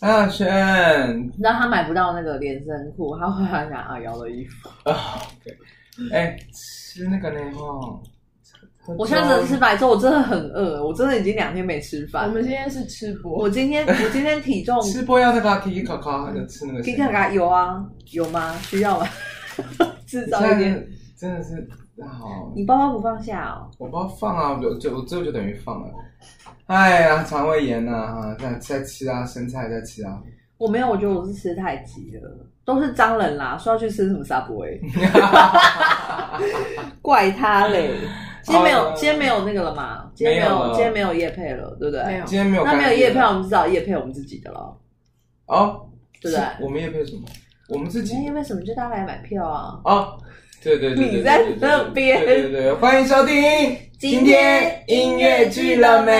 啊，小瑄，你知道他買不到那個連身褲，他會還拿阿、啊、瑤的衣服。啊，OK 哎，吃那個呢？我上次吃白粥，我真的很餓，我真的已經兩天沒吃飯。我們今天是吃播。我今天我今天體重。 吃播要那個體體卡卡，擦擦還要吃那個體。體體卡卡有啊？有嗎？需要嗎？哈哈哈真的是。你、啊、好，你包包不放下哦？我包放啊，就就我就，我這就等於放了。哎呀，腸胃炎吶、啊，哈，在在吃啊生菜，在吃啊。我沒有，我覺得我是吃太急了，都是髒人啦說要去吃什麼 Subway， 怪他嘞，今天沒有、哦、今天沒有那個了嘛？今天沒有，沒有今天沒有業配了，對不對？今天沒有那沒有業配，呃、我們只找業配我們自己的了。哦，對不對？我們業配什麼？我們自己今天為什麼就大家來買票啊？哦。對對對對你在對對對對對那邊？對，對對對，歡迎收聽今天，今天音樂聚了沒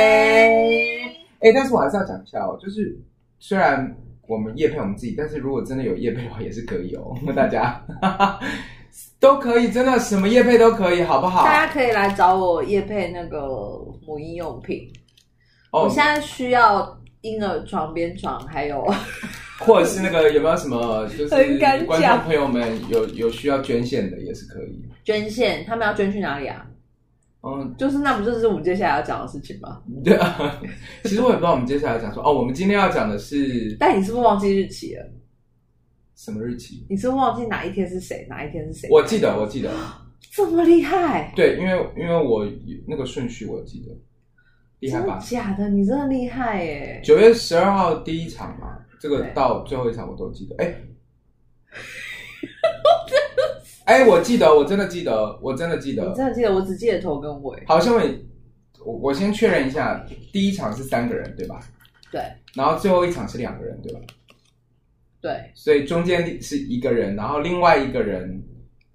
哎，但是我還是要講一下哦，就是雖然我們業配我們自己，但是如果真的有業配的話，也是可以哦，大家哈哈都可以，真的什麼業配都可以，好不好？大家可以來找我業配那個母嬰用品。哦、我現在需要。嬰兒床邊床，還有 ，或者是那個有沒有什麼，就是觀眾朋友們有有需要捐獻的也是可以 捐獻，他們要捐去哪裡啊？嗯，就是那不就是我們接下來要講的事情嗎？對啊，其實我也不知道我們接下來要講說 哦，我們今天要講的是，但你是不是忘記日期了？什麼日期？你是不是忘記哪一天是誰？哪一天是誰？我記得，我記得，這麼厲害？對，因為因為我那個順序我記得。真的假的？你真的厲害耶！九月十二號第一場嘛，這個到最後一場我都記得。哎，哎、欸 欸，我記得，我真的記得，我真的記得，真的記得，我只記得頭跟尾。好像我，我我先確認一下，第一場是三個人對吧？對。然後最後一場是兩個人對吧？對。所以中間是一個人，然後另外一個人，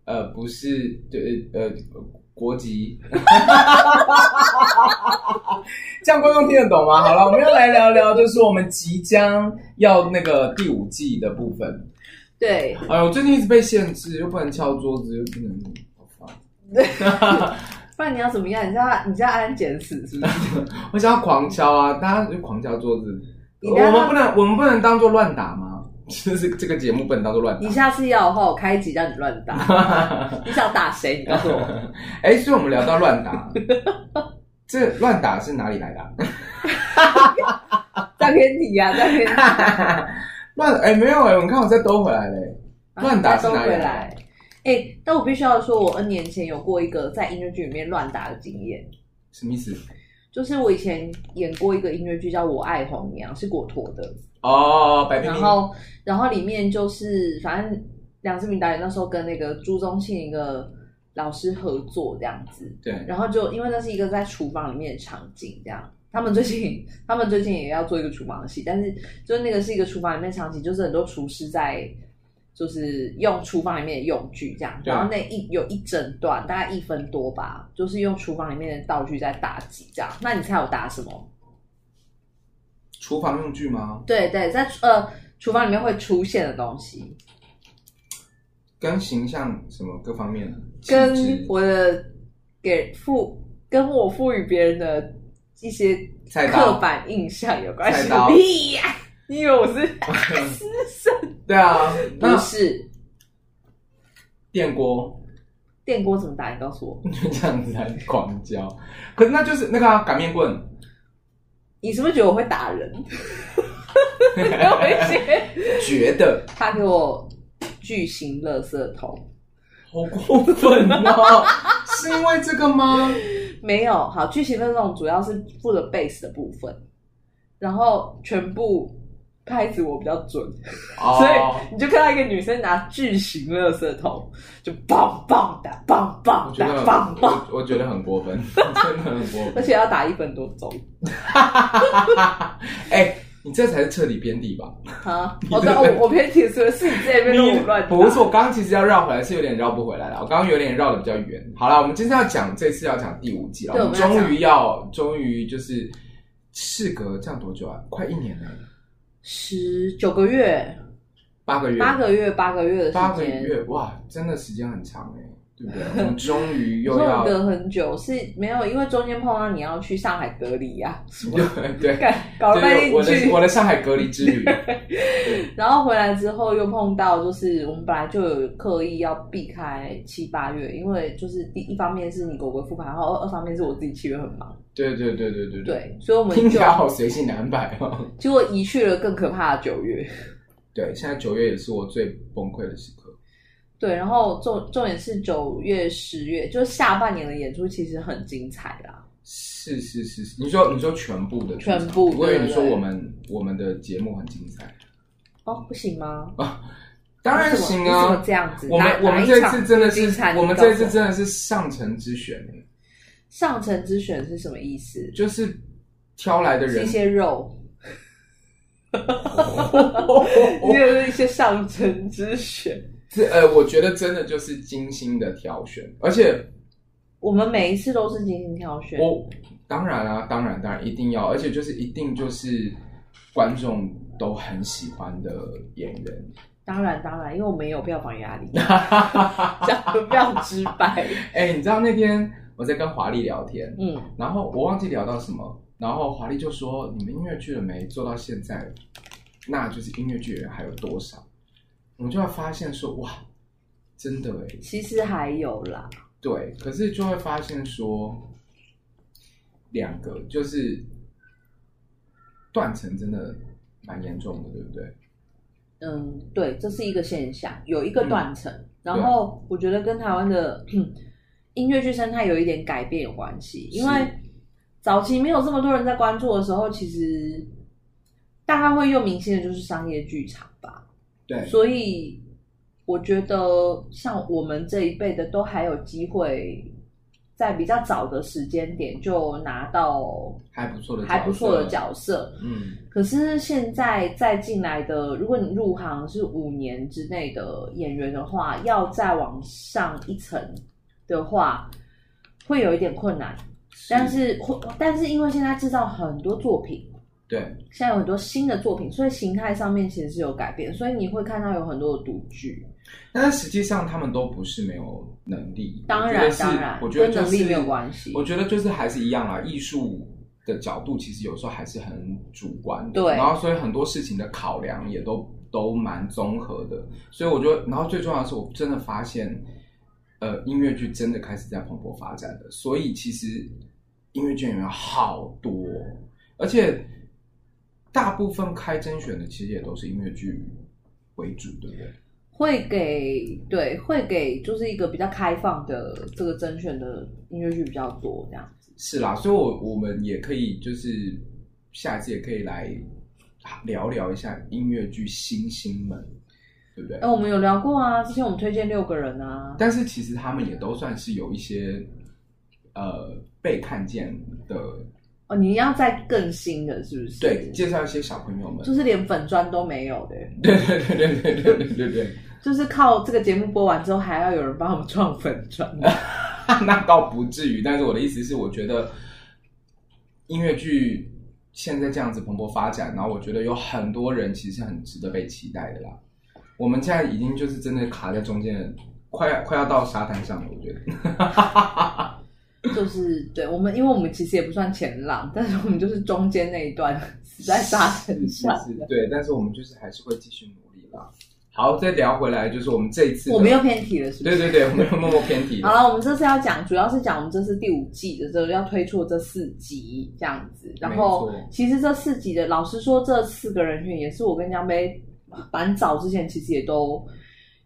呃，不是，對，呃。國籍 這樣觀眾聽得懂嗎？好了，我們要來聊聊，就是我們即將要那個第五季的部分。對，哎，我最近一直被限制，又不能敲桌子，又不能……對， 不然你要怎麼樣？你叫他，你叫他安檢死是不是？ 我想要狂敲啊，大家就狂敲桌子。我們不能，我們不能當做亂打嗎？就是這個節目不能當做亂打。你下次要的話，我開一集讓你亂打。 你想打誰？你告訴我。哎、 欸，所以我們聊到亂打。 這亂打是哪裡來的？ 大偏題啊，大偏題，啊。亂 哎、欸，沒有哎、欸，們我看我再兜回來嘞，欸。亂，啊，打是哪裡來的。哎、欸，但我必須要說，我 N 年前有過一個在音樂劇裡面亂打的經驗。什麼意思？就是我以前演過一個音樂劇，叫《我愛紅娘》，是果陀的。哦、oh,，然後然後裡面就是反正梁志明導演那時候跟那個朱宗慶一個老師合作這樣子，對。然後就因為那是一個在廚房裡面的場景，這樣。他們最近他們最近也要做一個廚房的戲，但是就是那個是一個廚房裡面場景，就是很多廚師在就是用廚房裡面的用具這樣。然後那一有一整段大概一分多吧，就是用廚房裡面的道具在打擊這樣。那你猜我打什麼？廚房用具嗎？對對，在呃廚房裡面會出現的東西，跟形象什麼各方面，啊、跟我的給付，跟我賦予別人的一些刻板印象有關係。屁呀！你以為我是師生。 對啊，不是。電鍋，電鍋怎麼打？你告訴我。 就這樣子來狂教，可是那就是那個，啊、擀麵棍。你是不是覺得我會打人？覺得他給我巨型垃圾桶。好過分哦！ 是因為這個嗎？沒有，好，巨型的垃圾桶主要是附了 bass 的部分，然後全部。拍子我比較準，oh. 所以你就看到一個女生拿巨型垃圾桶，就棒棒的、棒棒打棒棒，我覺得很過分， 真的很過分， 而且要打一分多鐘。哎、 欸，你這才是徹底偏題吧？啊，的我在，哦， 我偏題說的是這邊編輯不是，不是我剛其實要繞回來，是有點繞不回來了。我剛剛有點繞的比較遠。好了，我們今天要講，這次要講第五季了，我們終於要，終於就是事隔這樣多久啊？快一年了。十九個月，八個月，八個月，八個月，八個月，哇，真的時間很長誒。對啊，我終於又要隔很久是，是沒有，因為中間碰到你要去上海隔離呀，啊，對，搞了半天。我去，我的上海隔離之旅，然後回來之後又碰到就是我們本來就有刻意要避開七八月，因為就是第一,一方面是你狗狗覆盤，然後二二方面是我自己七月很忙，對對對對對對，對，所以我們就隨性安排嘛，哦，結果移去了更可怕的九月，對，現在九月也是我最崩潰的時。對，然後重重點是九月、十月，就是下半年的演出其實很精彩啦。是是是是，你說你說全部的全部，所以你說我們，對對對我，們我們的節目很精彩。哦，不行嗎？哦、當然行啊！哦、這樣子，我們一我們這次真的是，我們這次真的是上乘之選。上乘之選是什麼意思？就是挑來的人、嗯、是一些肉，哈 哈、oh, oh, oh, oh, oh, oh. 是一些上乘之選。是呃，我覺得真的就是精心的挑選，而且我們每一次都是精心挑選。我當然啊，當然當然一定要，而且就是一定就是觀眾都很喜歡的演員。當然當然，因為我們有票房壓力，講的非 常直白。哎、 欸，你知道那天我在跟華麗聊天，嗯，然後我忘記聊到什麼，然後華麗就說：“你們音樂劇的沒做到現在，那就是音樂劇還有多少？”我們就會發現說，哇，真的哎，其實還有啦。對，可是就會發現說，兩個就是斷層真的蠻嚴重的，對不對？嗯，對，這是一個現象，有一個斷層、嗯。然後我覺得跟台灣的、嗯、音樂劇生態有一點改變有關係，因為早期沒有這麼多人在關注的時候，其實大概會用明星的就是商業劇場。對，所以我覺得像我們這一輩的都還有機會，在比較早的時間點就拿到還不錯的、還不錯的角色。嗯，可是現在再進來的，如果你入行是五年之內的演員的話，要再往上一層的話，會有一點困難。是。但是，但是因為現在制造很多作品。對，現在有很多新的作品，所以形態上面其實是有改變，所以你會看到有很多的讀劇，但是實際上他們都不是沒有能力，當然，當然，我覺得就是、跟能力沒有關係，我覺得就是還是一樣啊，藝術的角度其實有時候還是很主觀的，對，然後所以很多事情的考量也都都蠻綜合的，所以我覺得，然後最重要的是，我真的發現，呃，音樂劇真的開始在蓬勃發展的，所以其實音樂劇演員有好多、嗯，而且。大部分開甄選的其實也都是音樂劇為主，對不對？會給對，會給就是一個比較開放的這個甄選的音樂劇比較多，這樣子是啦。所以我，我我們也可以就是下次也可以來聊聊一下音樂劇新星，星們，對不對？那，呃，我們有聊過啊，之前我們推薦六個人啊，但是其實他們也都算是有一些呃被看見的。哦，你要再更新的，是不是？對，介紹一些小朋友們，就是連粉專都沒有的。對對對對對對對對，對，對， 就是靠這個節目播完之後，還要有人幫我們創粉專。 那倒不至於，但是我的意思是，我覺得音樂劇現在這樣子蓬勃發展，然後我覺得有很多人其實很值得被期待的啦。我們現在已經就是真的卡在中間，快快要到沙灘上了，我覺得。 就是對，我們因為我們其實也不算前浪，但是我們就是中間那一段死在沙灘，上是是。對，但是我們就是還是會繼續努力啦。好，再聊回來，就是我們這一次，我沒有偏題了是不是，是是對對對， 我沒有默默偏題。好了，我們這次要講，主要是講我們這次第五季的時候，就是、要推出這四集這樣子。然後，其實這四集的，老實說，這四個人選，也是我跟姜杯蠻早之前其實也都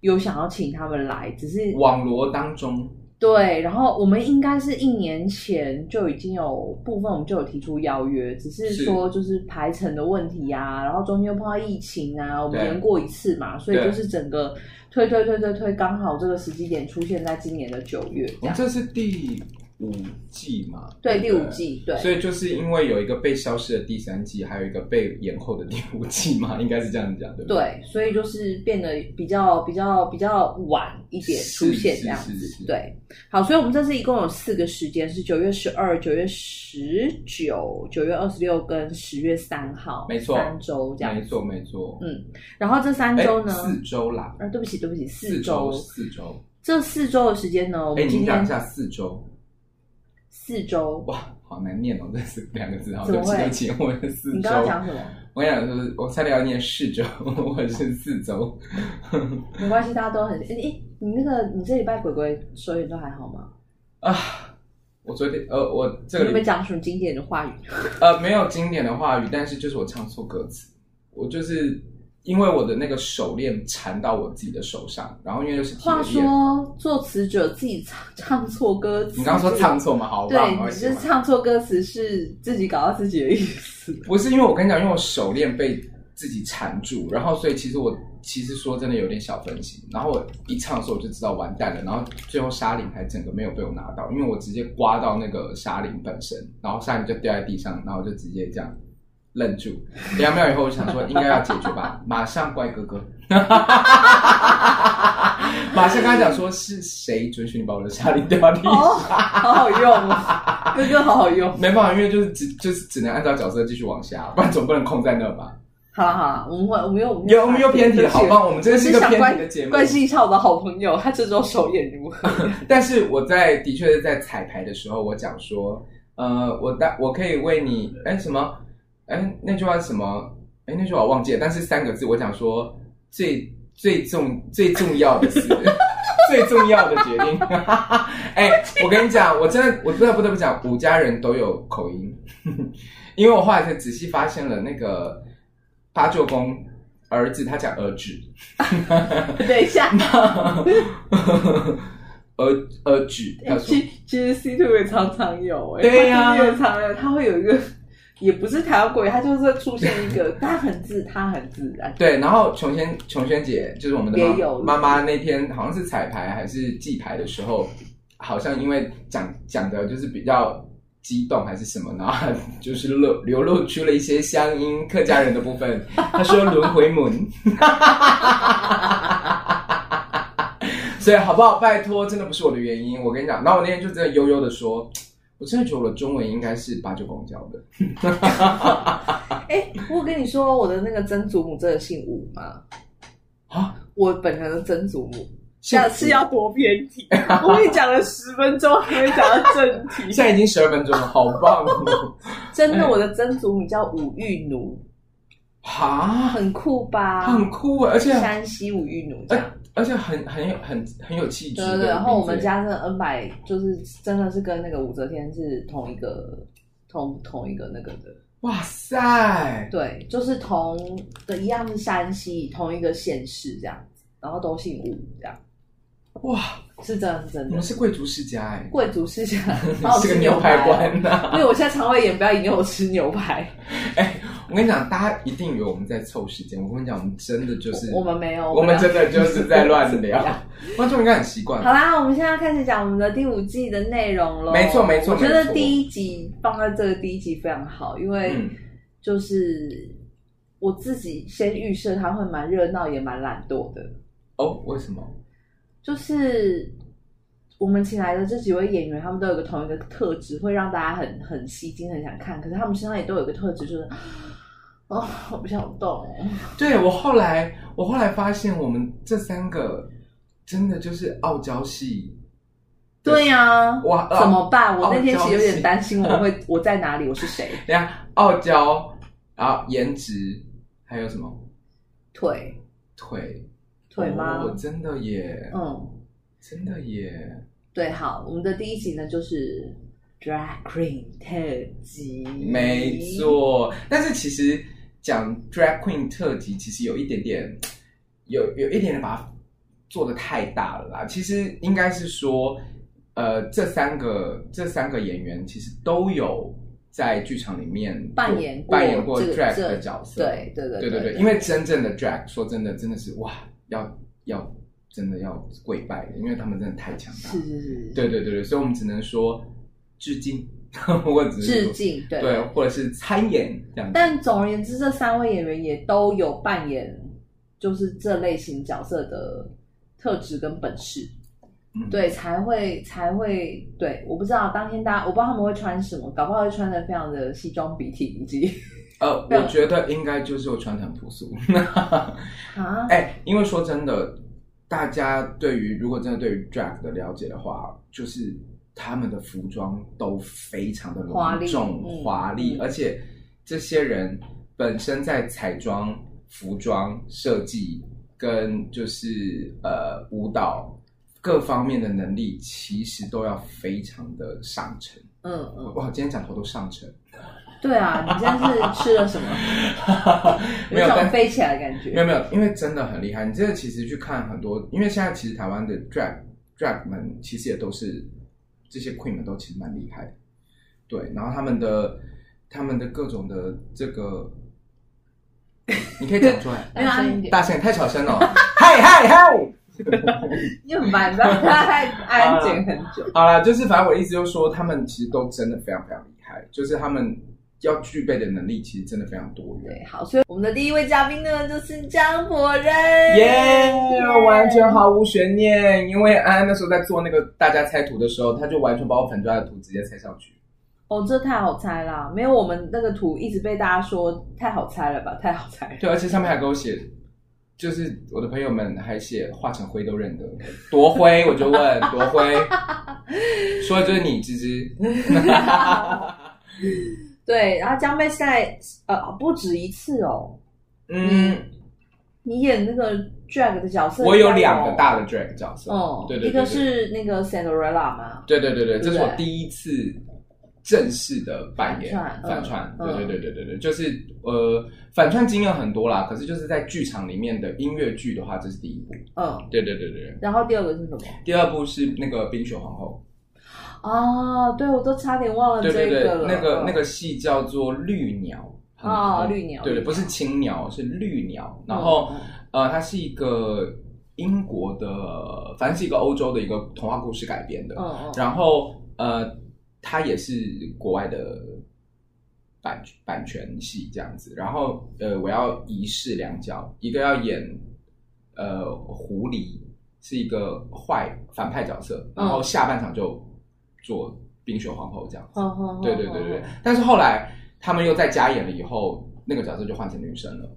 有想要請他們來，只是網羅當中。對，然後我們應該是一年前就已經有部分，我們就有提出邀約，只是說就是排程的問題啊，然後中間又碰到疫情啊，我們延過一次嘛，所以就是整個推推推推推，剛好這個時機點出現在今年的九月這。這是第。五季嘛，對，六季，對，所以就是因為有一個被消失的第三季，還有一個被延後的第五季嘛，應該是這樣子講，對不對？對，所以就是變得比較比較比較晚一點出現這樣子，對。好，所以我們這次一共有四個時間，是九月十二、九月十九、九月二十六跟十月三號，沒錯，三周這樣子，沒錯，沒錯。嗯，然後這三周呢，四周啦，啊，對不起，對不起，四周，四周，四周這四周的時間呢，我們今天你講一下四周。四周哇，好難念哦，這四兩個字好，然後對不起，我是四周。你剛剛講什麼？我跟你講說，我差點要念四周，我還是四周。 沒關係，大家都很誒、欸，你那個你這禮拜鬼鬼說語都還好嗎？啊，我昨天呃，我這個你有沒有講什麼經典的話語？呃，沒有經典的話語，但是就是我唱錯歌詞，我就是。因為我的那個手鏈纏到我自己的手上，然後因為就是。話說，作詞者自己唱唱錯歌詞。你剛剛說唱錯嗎？好棒！對，其實唱錯歌詞，是自己搞到自己的意思。不是，因為我跟你講，因為我手鏈被自己纏住，然後所以其實我其實說真的有點小分心，然後我一唱的時候我就知道完蛋了，然後最後沙鈴還整個沒有被我拿到，因為我直接刮到那個沙鈴本身，然後沙鈴就掉在地上，然後就直接這樣。愣住兩秒，秒以後，我想說應該要解決吧。 馬上怪哥哥，哈哈哈，馬上跟他講說，是誰准許你把我的下令掉的？哦，好好用，哥 哥好好用。沒辦法，因為就是、就是、只就是只能按照角色繼續往下，不然總不能空在那吧？好了好了，我們會我們又我們又有我們又偏題，好棒！我們真的是一個偏題的節目，關心一下我的好朋友，他這周首演。如何？ 但是我在的確是在彩排的時候，我講說，呃，我但我可以為你哎，什麼？哎，那句話是什麼？哎，那句話我忘記了。但是三個字，我講說最最重最重要的是 最重要的決定。哎， 我跟你講，我真的我真的不得不講，五家人都有口音， 因為我後來才仔細發現了，那個八舅公兒子他講兒子， 等一下， 兒兒子。其其實 C2 也常常有，欸，對呀，啊，常常有，他會有一個。也不是太鬼，他就是出現一個，他很自，他 很自然。對，然後瓊軒，瓊軒姐就是我們的媽媽，媽，那天好像是彩排還是記牌的時候，好像因為講講的就是比較激動還是什麼，然後就是露流露出了一些鄉音，客家人的部分。他說：“輪回門。”哈哈哈！哈哈！哈哈！哈哈！哈哈！所以好不好？拜託，真的不是我的原因。我跟你講，然後我那天就真的悠悠的說。我現在覺得我的中文應該是八九公交的。 哎、欸，我跟你說，我的那個曾祖母真的姓武嗎？啊，我本人是曾祖母，下次要多偏題。 我跟你講了十分鐘， 你還沒講到正題，現在已經十二分鐘了，好棒，喔！ 真的，我的曾祖母叫武玉奴，啊，很酷吧？很酷，啊，而且山西武玉奴這樣。而且很很有很很有氣質。對對，然後我們家那恩百就是真的是跟那個武則天是同一個同同一個那個的。哇塞！對，就是同的一樣是山西同一個縣市這樣子，然後都姓武這樣。哇，是真的，是真的。你們是貴族世家。哎、欸，貴族世家。啊、 是個牛排館，因為我現在腸胃炎，不要引誘我吃牛排。哎、 欸。我跟你講，大家一定以為我們在湊時間。我跟你講，我們真的就是我，我們沒有，我沒有，我們真的就是在亂聊。 觀眾應該很習慣。好啦，我們現在開始講我們的第五季的內容嘍。沒錯沒錯，我覺得第一集放在這個第一集非常好，因為就是我自己先預設他會蠻熱鬧，也蠻懶惰的。哦，為什麼？就是我們請來的這幾位演員，他們都有個同一個特質，會讓大家很很吸睛，很想看。可是他們身上也都有個特質，就是。Oh, 我不想動。 對，我後來，我後來發現，我們這三個真的就是傲嬌系。就是、對呀、啊，哇、啊，怎麼辦？我那天其實有點擔心，我會我在哪裡？我是誰？對 呀，傲嬌， 然後顏值，還有什麼腿？腿腿嗎？Oh, 真的耶，嗯，真的耶。對，好，我們的第一集呢就是 Drag Queen 特輯，沒錯。但是其實。講 drag queen 特輯，其實有一點點，有有一點點把它做得太大了啦。其實應該是說，呃，這三個這三個演員其實都有在劇場裡面扮演扮演過 drag 這個、的角色。對對對對對，對，對。因為真正的 drag，說真的，真的是哇，要要真的要跪拜的，因為他們真的太強大。是是是。對對對對，所以我們只能說致敬。至今 或者致敬對，對，或者是參演這樣。但總而言之，這三位演員也都有扮演就是這類型角色的特質跟本事，嗯、對，才會才會對。我不知道當天大家，我不知道他們會穿什麼，搞不好會穿的非常的西裝筆挺。以及呃，我覺得應該就是我穿的很樸素 啊。哎，因為說真的，大家對於如果真的對於 d r a f t 的了解的話，就是。他們的服裝都非常的隆重華麗，而且這些人本身在彩妝、服裝設計跟就是呃舞蹈各方面的能力，其實都要非常的上乘。嗯嗯，哇，今天講頭都上乘。對啊！你現在是吃了什麼？沒 有飛起來的感覺？沒有沒有，因為真的很厲害。你這個其實去看很多，因為現在其實台灣的 drag drag 們其實也都是。這些 queen 們都其實蠻厲害的，對，然後他們的他們的各種的這個， 你可以講出來，大 聲一點，大聲太小聲了，嗨嗨嗨，又慢，你知道嗎？安靜很久， 好了，就是反正我意思就是說，他們其實都真的非常非常厲害，就是他們。要具備的能力其實真的非常多。對，好，所以我們的第一位嘉賓呢就是姜柏任，耶、yeah，完全毫無懸念。因為安安、啊、那時候在做那個大家猜圖的時候，他就完全把我粉磚的圖直接猜上去。哦，這太好猜了，沒有我們那個圖一直被大家說太好猜了吧？太好猜了。對，而且上面還給我寫，就是我的朋友們還寫化成灰都認得，多灰我就問多 灰，說的就是你芝芝。姿姿 對，然後姜杯現呃不止一次哦。嗯，你，你演那個 drag 的角色，哦，我有兩個大的 drag 角色哦，對對，對對，一個是那個 Cinderella 嗎？對對對對，對對對，這是我第一次正式的扮演反串，嗯，對對對對對對，嗯，就是呃反串經驗很多啦，可是就是在劇場裡面的音樂劇的話，這是第一部。嗯，對對對對。然後第二個是什麼？第二部是那個冰雪皇後。啊、oh,，對，我都差點忘了，對對對，這個了。那個那個戲叫做《綠鳥》啊、oh,，《綠鳥》對，不是青鳥，是綠鳥。然後、嗯、呃，它是一個英國的，反正是一個歐洲的一個童話故事改編的。嗯、然後呃，它也是國外的版版權戲這樣子。然後呃，我要一飾兩角，一個要演呃狐狸，是一個壞反派角色。然後下半場就，嗯做冰雪皇後這樣子，oh, oh, oh, 對對對對，oh, oh, oh. 但是後來他們又再加演了以後，那個角色就換成女生了。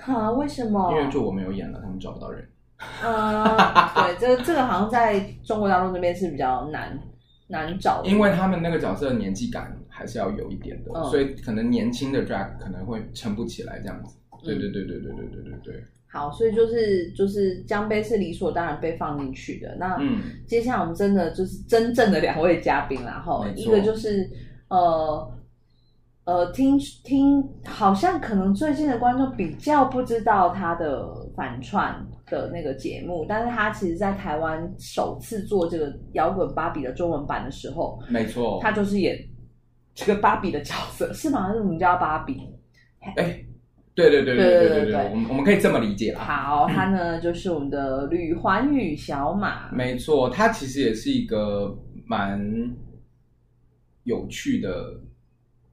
啊、huh?？為什麼？因為就我沒有演了，他們找不到人。啊、uh, 對，這這個好像在中國大陸這邊是比較難難找的，因為他們那個角色的年紀感還是要有一點的，uh, 所以可能年輕的 drag 可能會撐不起來這樣子。嗯、對對對對對對對對對。好，所以就是就是姜杯是理所當然被放進去的。那嗯，接下來我們真的就是真正的兩位嘉賓，然後一個就是呃呃，聽聽，好像可能最近的觀眾比較不知道他的反串的那個節目，但是他其實，在台灣首次做這個搖滾芭比的中文版的時候，沒錯，他就是演這個芭比的角色，是嗎？他是怎麼叫芭比？哎、欸。對對,對對對對對對對，對對對對對我們我們可以這麼理解啦。好，他呢 就是我們的呂環宇小馬。沒錯，他其實也是一個蠻有趣的，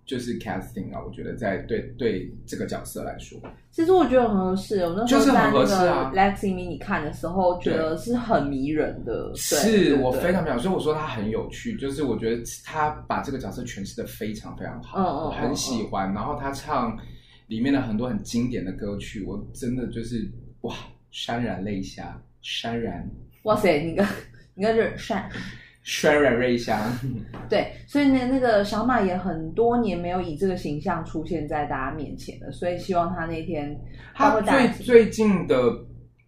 就是 casting 啊，我覺得在對對這個角色來說，其實我覺得很合適。我那時候在那個。Lexing 你看的時候，覺得是很迷人的。是對對我非常非常所以我說他很有趣，就是我覺得他把這個角色詮釋的非常非常好，嗯嗯、我很喜歡。嗯嗯、然後他唱。裡面的很多很經典的歌曲，我真的就是哇，潸然淚下，潸然。哇塞，你個你個這潸潸然淚下。對，所以呢，那個小馬也很多年沒有以這個形象出現在大家面前了，所以希望他那天他。他最最近的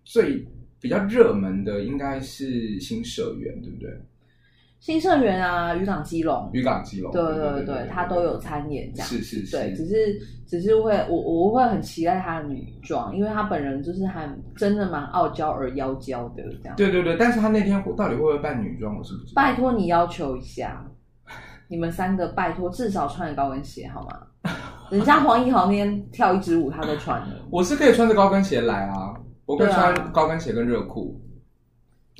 最比較熱門的應該是新社員，對不對？新社員啊，漁港基隆，漁港基隆，對對對，對對對，他都有參演這樣，是是是，對，只是只是會，我我會很期待他的女裝，因為他本人就是還真的蠻傲嬌而妖嬌的這樣，對對對，但是他那天到底會不會扮女裝，我是不是？拜託你要求一下，你們三個拜託至少穿個高跟鞋好嗎？ 人家黃義豪那天跳一支舞，他都穿了， 我是可以穿着高跟鞋來啊，我可以穿高跟鞋跟熱褲。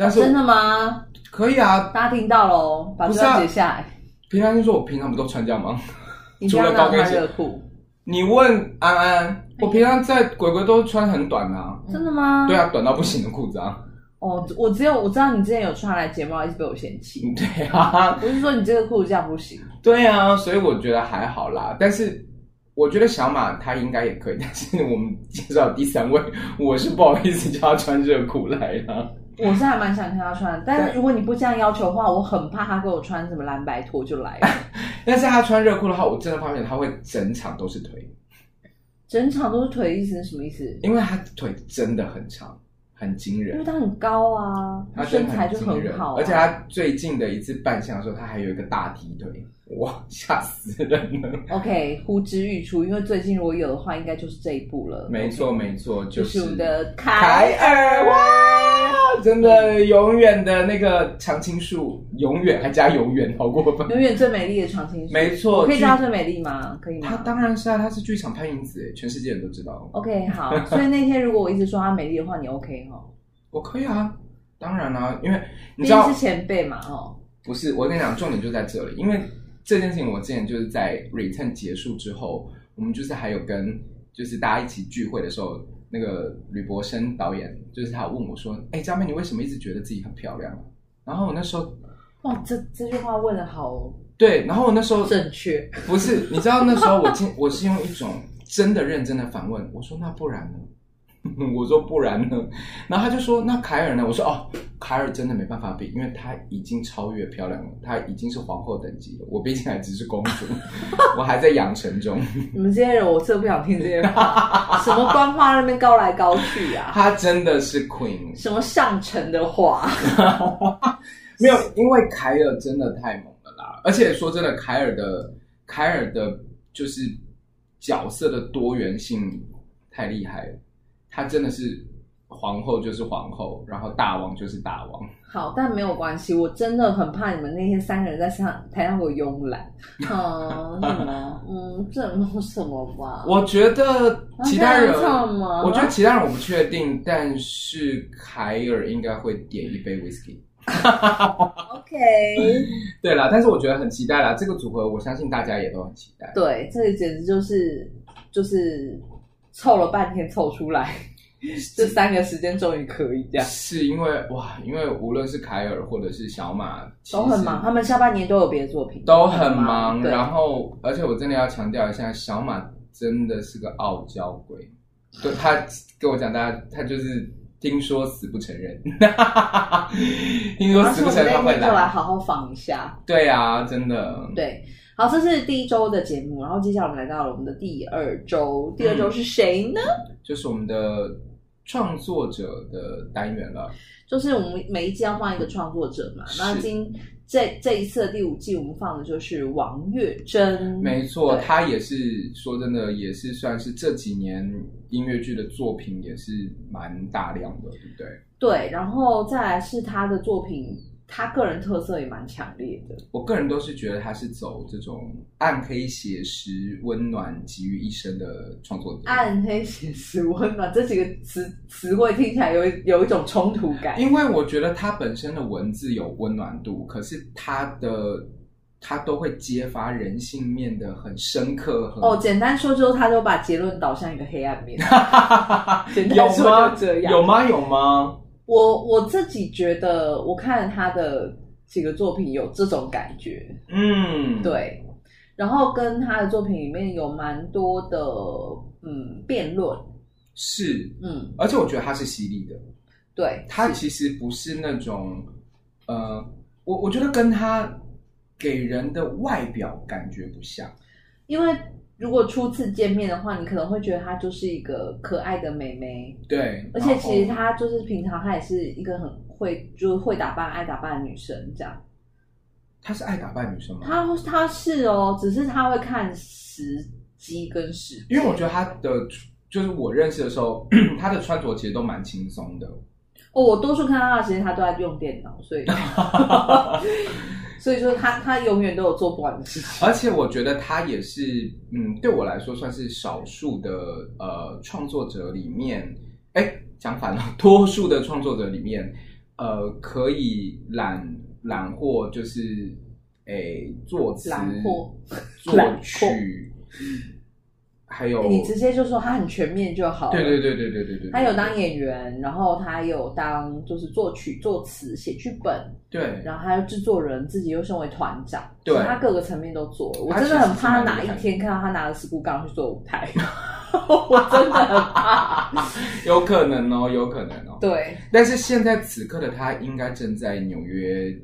但是真的嗎？可以啊，大家聽到了，啊，把褲子解下來。平常就說，我平常不都穿這樣嗎？ 除了高跟鞋，熱褲，你問安安，哎，我平常在鬼鬼都穿很短啊，真的嗎？嗯？對啊，短到不行的褲子啊。哦，我只有我知道你之前有穿來節目，睫毛一直被我嫌棄。對啊，不 是說你這個褲子這樣不行。對啊，所以我覺得還好啦。但是我覺得小馬他應該也可以。但是我們介紹第三位，我是不好意思叫他穿熱褲來了。 我是還蠻想看他穿，但是如果你不這樣要求的話，我很怕他給我穿什麼藍白拖就來了。 但是他穿熱褲的話，我真的發現他會整場都是腿。整場都是腿，意思是什麼意思？因為他腿真的很長，很驚人。因為他很高啊，他身材就很好。而且他最近的一次扮相的時候，他還有一個大踢腿，哇，嚇死人了。OK，呼之欲出，因為最近如果有的話，應該就是這一部了。沒錯，okay. 沒錯，就是我們的凱爾真的永遠的那個常青樹，永遠還加永遠，好過分！永遠最美麗的常青樹，沒錯，我可以叫她最美麗嗎？可以嗎？她當然是啊，她是劇場潘迎紫，哎，全世界人都知道。OK，好，所以那天如果我一直說她美麗的話，你 OK 哈、哦？我可以啊，當然啦、啊，因為你知道是前輩嘛，哦，不是，我跟你講，重點就在這裡，因為這件事情，我之前就是在 Return 結束之後，我們就是還有跟就是大家一起聚會的時候。那個呂伯生導演就是他問我說：“哎、欸，佳妹，你為什麼一直覺得自己很漂亮？”然後我那時候，哇，這這句話問得好。對，然後我那時候，正確 不是？你知道那時候我聽，我是用一種真的認真的反問，我說：“那不然呢？”我說不然呢？然後他就說：“那凱爾呢？”我說：“哦，凱爾真的沒辦法比，因為他已經超越漂亮了，他已經是皇后等級了，我畢竟還只是公主， 我還在養成中。”你們這些人，我真的不想聽這些話。 什麼官話，那邊高來高去呀、啊。他真的是 queen，什麼上乘的話， 沒有，因為凱爾真的太猛了啦。而且說真的，凱爾的凱爾的，就是角色的多元性太厲害了。他真的是皇後就是皇後，然後大王就是大王。好，但沒有關係，我真的很怕你們那天三個人在上台上會慵懶。啊，什麼？嗯，怎、 嗯、有什麼吧？我覺得其他人， okay, 我覺得其他人我不確定， 但是凱爾應該會點一杯 whisky。 OK，對了，但是我覺得很期待啦，這個組合我相信大家也都很期待。對，這個簡直就是就是。就是湊了半天湊出來，這三個時間終於可以這樣。是因為哇，因為無論是凱爾或者是小馬都很忙，他們下半年都有別的作品都很忙。然後，而且我真的要強調一下，小馬真的是個傲嬌鬼，就他跟我講，大家他就是聽說死不承認， 聽說死不承認就來好好訪一下。對啊，真的對。好，這是第一周的節目，然後接下來我們來到了我們的第二周。第二周是誰呢？嗯，就是我們的創作者的單元了。就是我們每一季要放一個創作者嘛。那今這這一次的第五季，我們放的就是王月珍。沒錯，他也是說真的，也是算是這幾年音樂劇的作品也是蠻大量的，對不對？對，然後再來是他的作品。他個人特色也蠻強烈的，我個人都是覺得他是走這種暗黑寫實、溫暖集於一身的創作的。暗黑寫實、溫暖這幾個詞詞彙聽起來有一有一種衝突感。 因為我覺得他本身的文字有溫暖度，可是他的他都會揭發人性面的很深刻。很哦，簡單說之後，他都把結論導向一個黑暗面。 這樣有嗎？有嗎？有嗎？我我自己覺得，我看了他的幾個作品有這種感覺，嗯，對，然後跟他的作品裡面有蠻多的嗯辯論，是，嗯，而且我覺得他是犀利的，對，他其實不是那種，呃，我我覺得跟他給人的外表感覺不像，因為。如果初次見面的話，你可能會覺得她就是一個可愛的妹妹。對，而且其實她就是平常她也是一個很會，就是會打扮、愛打扮的女生。這樣，她是愛打扮女生嗎？她她是哦，只是她會看時機跟時機。因為我覺得她的就是我認識的時候， 她的穿着其實都蠻輕鬆的。哦，我多數看到她的時間，她都在用電腦，所以。 所以說他他永遠都有做不完的事情，而且我覺得他也是，嗯，對我來說算是少數的呃創作者裡面，哎，講反了，多數的創作者裡面，呃，可以攬攬獲就是，哎，作詞、作曲。嗯。還有，你直接就說他很全面就好了。了對對對，對對對對對對。他有當演員，然後他有當就是作曲、作詞、寫劇本。對。然後還有製作人，自己又身為團長，對。所以他各個層面都做。我真的很怕他哪一天看到他拿了 school 槓去做舞台， 我真的很怕。 有可能哦，有可能哦。對。但是現在此刻的他應該正在紐約。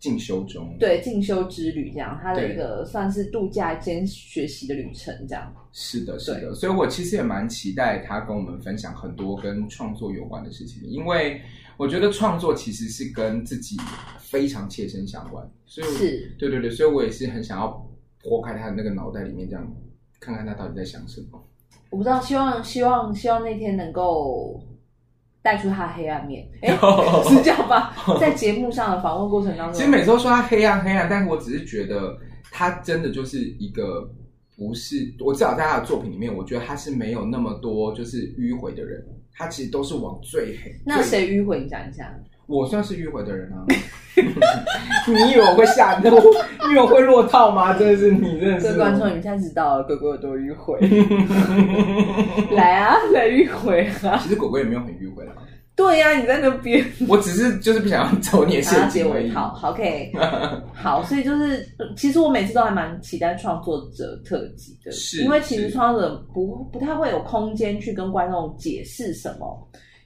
進修中，對，進修之旅這樣，他的一個算是度假兼學習的旅程這樣。是的，是的，是的，所以我其實也蠻期待他跟我們分享很多跟創作有關的事情，因為我覺得創作其實是跟自己非常切身相關，所以我是對對對，所以我也是很想要撥開他的那個腦袋裡面，這樣看看他到底在想什麼。我不知道，希望希望希望那天能夠。帶出他黑暗面，哎、欸， 就是這樣吧？在節目上的訪問過程當中，其實每次都說他黑暗黑暗，但是我只是覺得他真的就是一個不是我至少在他的作品裡面，我覺得他是沒有那麼多就是迂回的人，他其實都是往最黑。那誰迂回？你講一下。我算是迂迴的人啊， 你以為我會下，你以為我會落套嗎？真的是你認識哥哥觀眾，你們現在知道了，哥哥有多迂迴。 來啊，來迂迴啊！其實哥哥也沒有很迂迴啊。對呀、啊，你在那邊，我只是就是不想要走，你、啊、是我。尾套，OK？ 好，所以就是，其實我每次都還蠻期待創作者特輯的，是，是，因為其實創作者不不，不太會有空間去跟觀眾解釋什麼。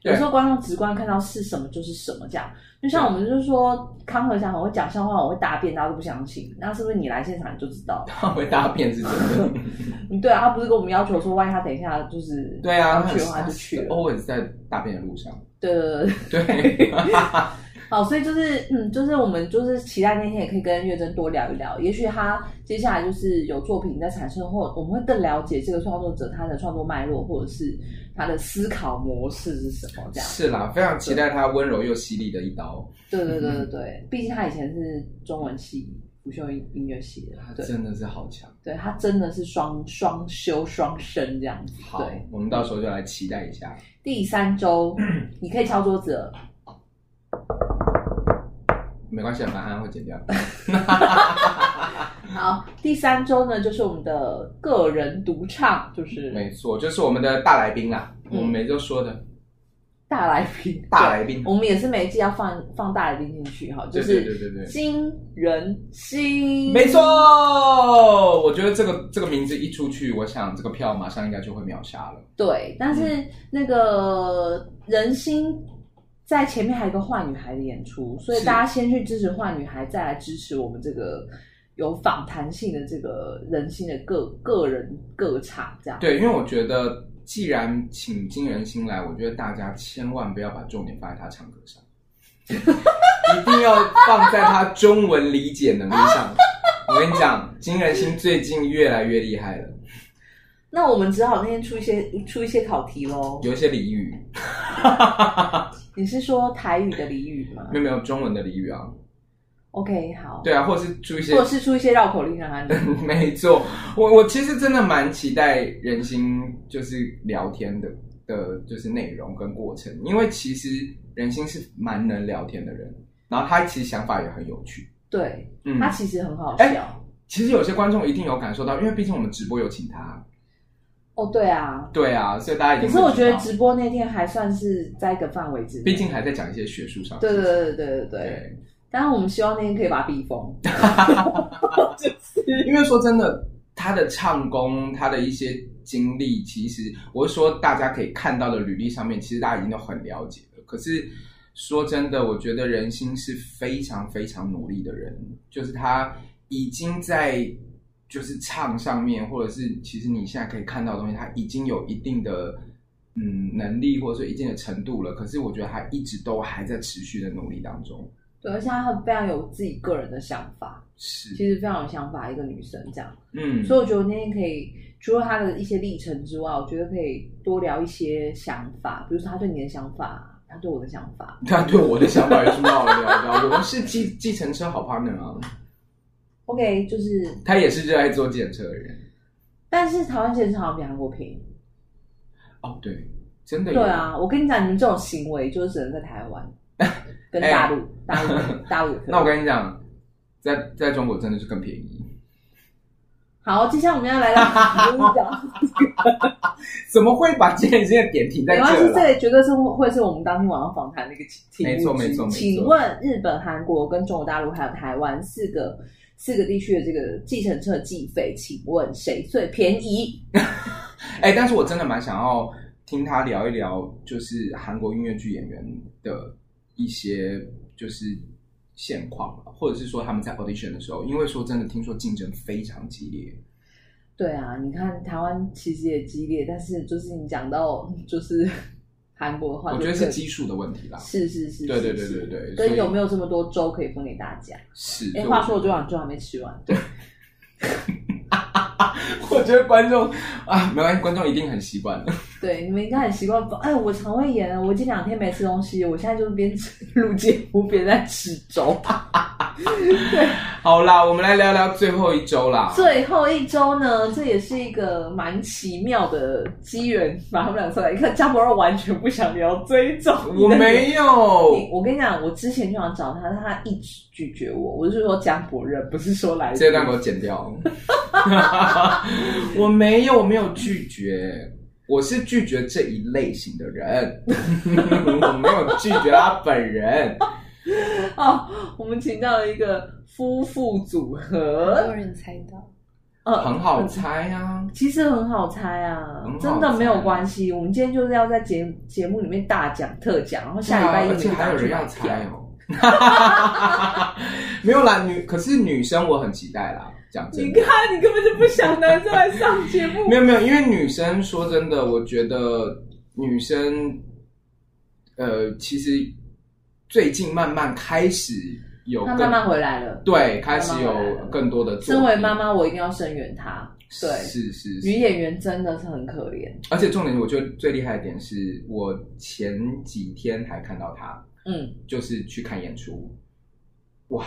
有時候觀眾直觀看到是什麼就是什麼，這樣就像我們就是說康和祥很會講笑話，我會答辯，大家都不相信。那是不是你來現場你就知道他會答辯是真的？ 對啊，他不是跟我們要求說，萬一他等一下就是對啊，他去的話就去了。always 在答辯的路上。對對對 好，所以就是嗯，就是我們就是期待那天也可以跟月珍多聊一聊。也許他接下來就是有作品在產生，或我們會更了解這個創作者他的創作脈絡，或者是。他的思考模式是什麼？是啦，非常期待他溫柔又犀利的一刀。對對對對對，畢竟他以前是中文系、輔修音樂系的。他真的是好強。對，他真的是雙雙修雙身這樣子。好，對，我們到時候就來期待一下。第三週、嗯，你可以敲桌子了。沒關係，麻煩會剪掉。 好，第三週呢，就是我們的個人獨唱，就是沒錯，就是我們的大來賓啊、嗯，我們每週說的，大來賓，大來賓，我們也是每一季要放放大來賓進去哈，就是對對對對金仁心，沒錯，我覺得這個這個名字一出去，我想這個票馬上應該就會秒殺了。對，但是那個人心在前面還有一個壞女孩的演出，所以大家先去支持壞女孩，再來支持我們這個。有訪談性的這個人心的個個人個場這樣，對，因為我覺得既然請金仁心來，我覺得大家千萬不要把重點放在他唱歌上， 一定要放在他中文理解能力上。我 跟你講，金仁心最近越來越厲害了。那我們只好那天出一些出一些考題嘍，有一些俚語。 你是說台語的俚語嗎？沒有沒有，中文的俚語啊。OK，好。對啊，或者是出一些，或者是出一些繞口令讓他。 沒錯，我我其實真的蠻期待人心就是聊天的的就是內容跟過程，因為其實人心是蠻能聊天的人，然後他其實想法也很有趣。對，嗯，他其實很好笑。欸，其實有些觀眾一定有感受到，因為畢竟我們直播有請他。哦，對啊，對啊，所以大家已經。可是我覺得直播那天還算是在一個範圍之內，畢竟還在講一些學術上。對對對對對對對。但我們希望那天可以把他逼瘋 因為說真的，他的唱功、他的一些經歷，其實我是說，大家可以看到的履歷上面，其實大家已經都很了解了。可是說真的，我覺得人心是非常非常努力的人，就是他已經在就是唱上面，或者是其實你現在可以看到的東西，他已經有一定的嗯能力，或者是一定的程度了。可是我覺得他一直都還在持續的努力當中。對，而且她非常有自己個人的想法，是，其實非常有想法一個女生這樣，嗯，所以我覺得那天可以除了她的一些歷程之外，我覺得可以多聊一些想法，比如說他對你的想法，他對我的想法，他對我的想法也是蠻好聊的。我們是計計程車好 partner 啊，OK，就是他也是熱愛坐計程車的人，但是台灣計程車好像比韓國平，哦，對，真的有，對啊，我跟你講，你們這種行為就是只能在台灣。跟大陸、哎、大陸、 大陸， 那我跟你講，在在中國真的是更便宜。好，接下來我們要來了。 怎麼會把這些點停在這？沒關係，這也絕對是會是我們當天晚上訪談那個題目。沒錯，沒錯。請問日本、韓國跟中國大陸還有台灣四個四個地區的這個計程車計費，請問誰最便宜？ 哎，但是我真的蠻想要聽他聊一聊，就是韓國音樂劇演員的。一些就是現況，或者是說他們在 audition 的時候，因為說真的，聽說競爭非常激烈。對啊，你看台灣其實也激烈，但是就是你講到就是韓國的話，我覺得是基數的問題啦。是是是，是，是，是，對對對對對，所以有沒有這麼多粥可以分給大家。是。哎、欸，話說我昨晚粥還沒吃完。對。 我覺得觀眾啊，沒關係，觀眾一定很習慣了。對，你們應該很習慣。哎，我腸胃炎了，我近兩天沒吃東西，我現在就是邊吃鹿角糊邊在吃粥。 對，好啦，我們來聊聊最後一周啦。最後一周呢，這也是一個蠻奇妙的機緣，把他們倆湊來。你看，姜柏任完全不想聊這一種，我沒有。我跟你講，我之前就想找他，他一直拒絕我。我就是說姜柏任，不是說來。這段給我剪掉。 我沒有，我沒有拒絕。我是拒絕這一類型的人， 我沒有拒絕他本人。哦， 我們請到了一個夫婦組合，很多人猜到，很好猜呀、啊嗯，其實很好猜啊，猜真的沒有關係。我們今天就是要在節節目裡面大講特講，然後下禮拜一定、啊、還有人要猜哦。 沒有啦，女可是女生我很期待啦。你看，你根本就不想男生來上節目。 沒有沒有，因為女生說真的，我覺得女生，呃，其實最近慢慢開始有。慢慢回來了，對，他媽媽回來了，開始有更多的作品，身為媽媽，我一定要聲援她。對，是，是是。女演員真的是很可憐。而且重點是，我覺得最厲害的點是我前幾天還看到她。嗯，就是去看演出，哇。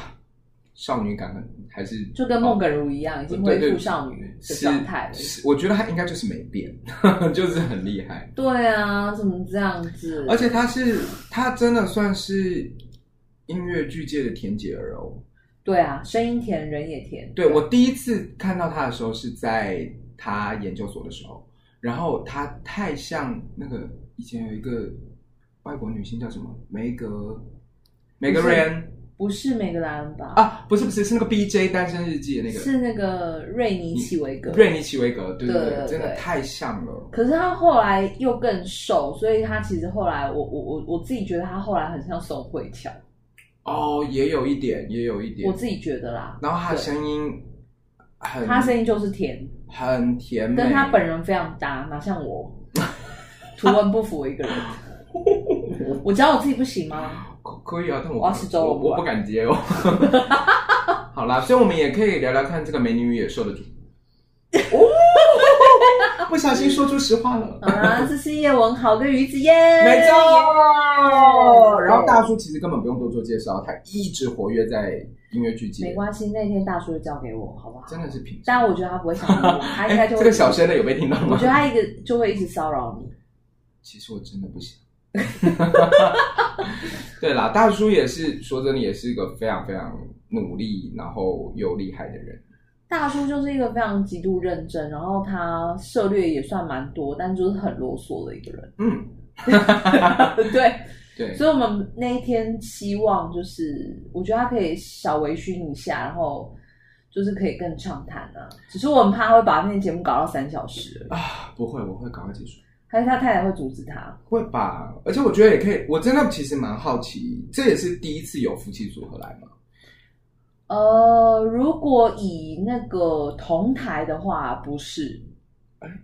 少女感很還是就跟孟耿如一樣，哦、已經恢復少女的狀態了。我覺得她應該就是沒變， 就是很厲害。對啊，怎麼這樣子？而且她是，她真的算是音樂劇界的甜姐兒哦。對啊，聲音甜，人也甜。對，對我第一次看到她的時候是在她研究所的時候，然後她太像那個以前有一個外國女星叫什麼梅格，梅格瑞恩。就是不是梅格萊恩吧？啊，不是不是，是那個 BJ 單身日記的那個，是那個瑞尼奇維格，瑞尼奇維格，對對，對，對，對，真的太像了。可是他後來又更瘦，所以他其實後來，我我我自己覺得他後來很像宋慧喬。哦，也有一點，也有一點，我自己覺得啦。然後他的聲音很，他聲音就是甜，很甜，跟他本人非常搭，哪像我，圖文不符，我一個人， 我知道我，我自己不行嗎？可以啊，但我我我不敢接哦。 好啦，所以我們也可以聊聊看這個美女與野獸的主題。哦，不小心說出實話了。啊，這是葉文豪跟於子嫣， yeah! 沒錯。Yeah! 然後大叔其實根本不用多做介紹，他一直活躍在音樂劇界。沒關係，那天大叔就交給我，好不好？真的是平常。但我覺得他不會想擾我，他一個這個小聲的有被聽到嗎？ 我覺得他一直就會一直騷擾你。其實我真的不想。 對啦，大叔也是，說真的，也是一個非常非常努力，然後又厲害的人。大叔就是一個非常極度認真，然後他涉獵也算蠻多，但就是很囉嗦的一個人。嗯， 對對，所以我們那一天希望就是，我覺得他可以稍微醺一下，然後就是可以更暢談啊，只是我很怕他會把他那節目搞到三小時。啊，不會，我會搞個結束。但是他太太會阻止他，會吧？而且我覺得也可以。我真的其實蠻好奇，這也是第一次有夫妻組合來嗎？呃，如果以那個同台的話，不是。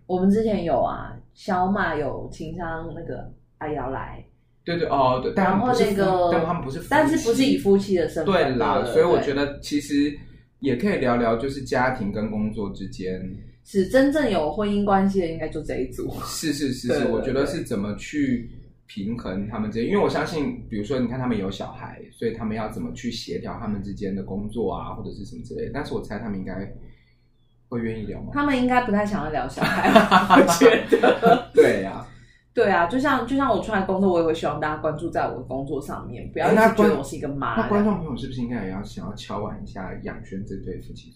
我們之前有啊，小馬有情商，那個阿、啊、要來。對對哦，對。然後、那個、但他們不是，但是不是以夫妻的身份對？對啦，所以我覺得其實也可以聊聊，就是家庭跟工作之間。是真正有婚姻關係的，應該就這一組。是是是是對對對，我覺得是怎麼去平衡他們之間？因為我相信，比如說，你看他們有小孩，所以他們要怎麼去協調他們之間的工作啊，或者是什麼之類。但是我猜他們應該會願意聊嗎？他們應該不太想要聊小孩， 我覺得。 對呀、啊，對啊，就像就像我出來工作，我也會希望大家關注在我的工作上面，不要覺得我是一個媽。欸、那那觀眾朋友是不是應該也要想要敲碗一下仰瑄這對夫妻？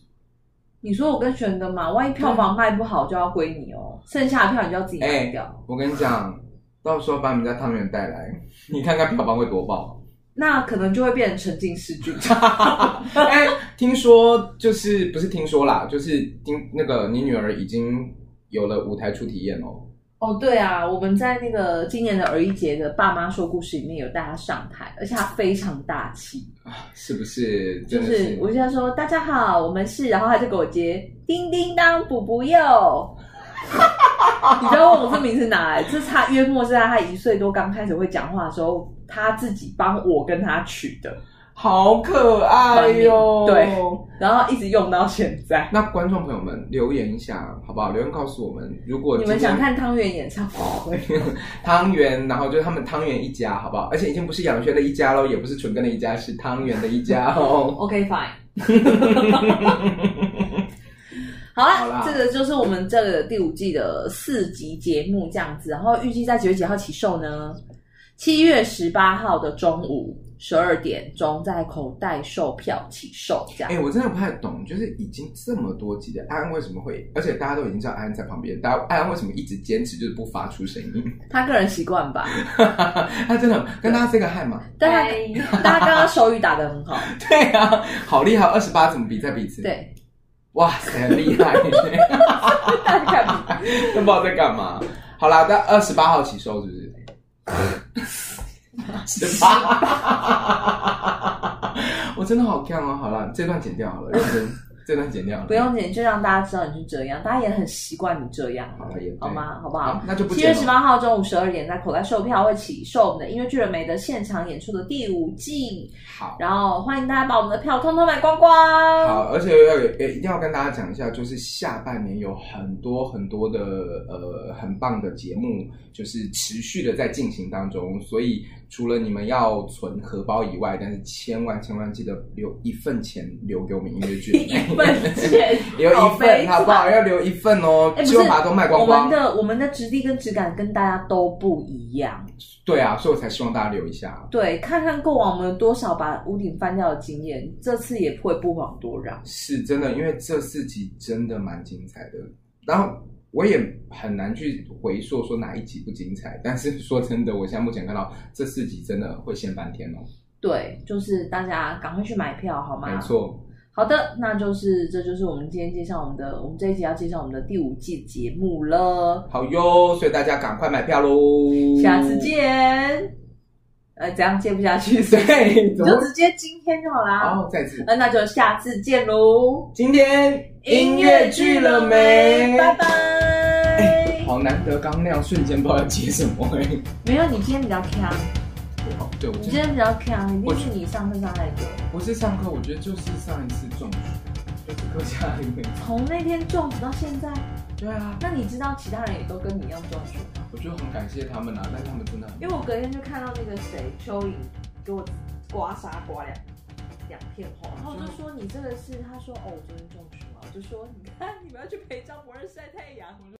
你說我跟玄德嘛，萬一票房賣不好就要歸你哦、喔，剩下的票你就要自己賣掉、欸。我跟你講，到時候把你們家湯圓帶來，你看看票房會多爆。 那可能就會變成沉浸式劇場。哎、 欸，聽說就是不是聽說啦，就是聽那個你女兒已經有了舞台初體驗哦、喔。哦、oh, okay.，對啊，我們在那個今年的兒藝節的爸媽說故事裡面有帶他上台，而且他非常大氣啊！是不是？就是我在說大家好，我們是，然後他就給我接叮叮噹，補補又。 你知道問我這名字哪來？這差約莫是在他、他、他一歲多剛開始會講話的時候，他自己幫我跟他取的。好可愛喲、喔！對，然後一直用到現在。那觀眾朋友們留言一下，好不好？留言告訴我們，如果你們想看湯圓演唱會，湯 圓，然後就是他們湯圓一家，好不好？而且已經不是仰瑄的一家了，也不是純根的一家，是湯圓的一家哦、喔。 OK，fine Okay。 , 好啦，這個就是我們這個第五季的四集節目這樣子，然後預計在幾月幾號起售呢？七月十八號的中午。十二點鐘在口袋售票起售，這樣。哎、欸，我真的不太懂，就是已經這麼多集的安，安為什麼會，而且大家都已經知道安，安在旁邊，但安，安為什麼一直堅持就是不發出聲音？他個人習慣吧。他、 啊、真的跟大家這個害嗎？大家，大家剛剛手語打得很好。 對啊，好厲害！二十八怎麼比在彼此？對，哇塞，很厲害！在 不知道在幹嘛？好啦，那二十八號起售，是不是？ 我真的好看哦，喔！好了，這段剪掉好了，認 真這段剪掉，不用剪，就讓大家知道你是這樣，大家也很習慣你這樣，好也，好嗎？好不好？好，那就七月十八號中午十二點，在口袋售票會起售我們的《音樂「聚」了沒》現場演出的第五季，好，然後歡迎大家把我們的票通通買光光，好，而且要，欸，一定要跟大家講一下，就是下半年有很多很多的呃很棒的節目，就是持續的在進行當中，所以。除了你們要存荷包以外，但是千萬千萬記得留一份錢留給我們音樂劇， 一份分錢 留一份，好不好，好？要留一份哦，只、欸、有把它都賣光光。我們的我們的質地跟質感跟大家都不一樣，對啊，所以我才希望大家留一下，對，看看過往我們有多少把屋頂翻掉的經驗，這次也不會不遑多讓。是真的，因為這四集真的蠻精彩的，然後。我也很難去回溯說哪一集不精彩，但是說真的，我現在目前看到這四集真的會限半天哦。對，就是大家趕快去買票好嗎？沒錯，好的，那就是這就是我們今天介紹我們的，我們這一集要介紹我們的第五季節目了。好喲，所以大家趕快買票嘍！下次見。呃，這樣接不下去，所以就直接今天就好啦。好，再次，那那就下次見嘍。今天音樂聚了，了沒？拜拜。難得剛亮，瞬間不知道要接什麼哎、欸。沒有，你今天比較強。哦，對，我今天比較強。一定是你上課上太多。不是上課，我覺得就是上一次中暑，從、就是、那天中暑到現在。對啊。那你知道其他人也都跟你一樣中暑嗎？我覺得很感謝他們啊，但他們真的很。因為我隔天就看到那個誰，蚯蚓給我刮痧刮兩兩片紅，然後我就說你這個是，他說哦，我昨天中暑嘛，我就說你看你們要去陪張博仁曬太陽，我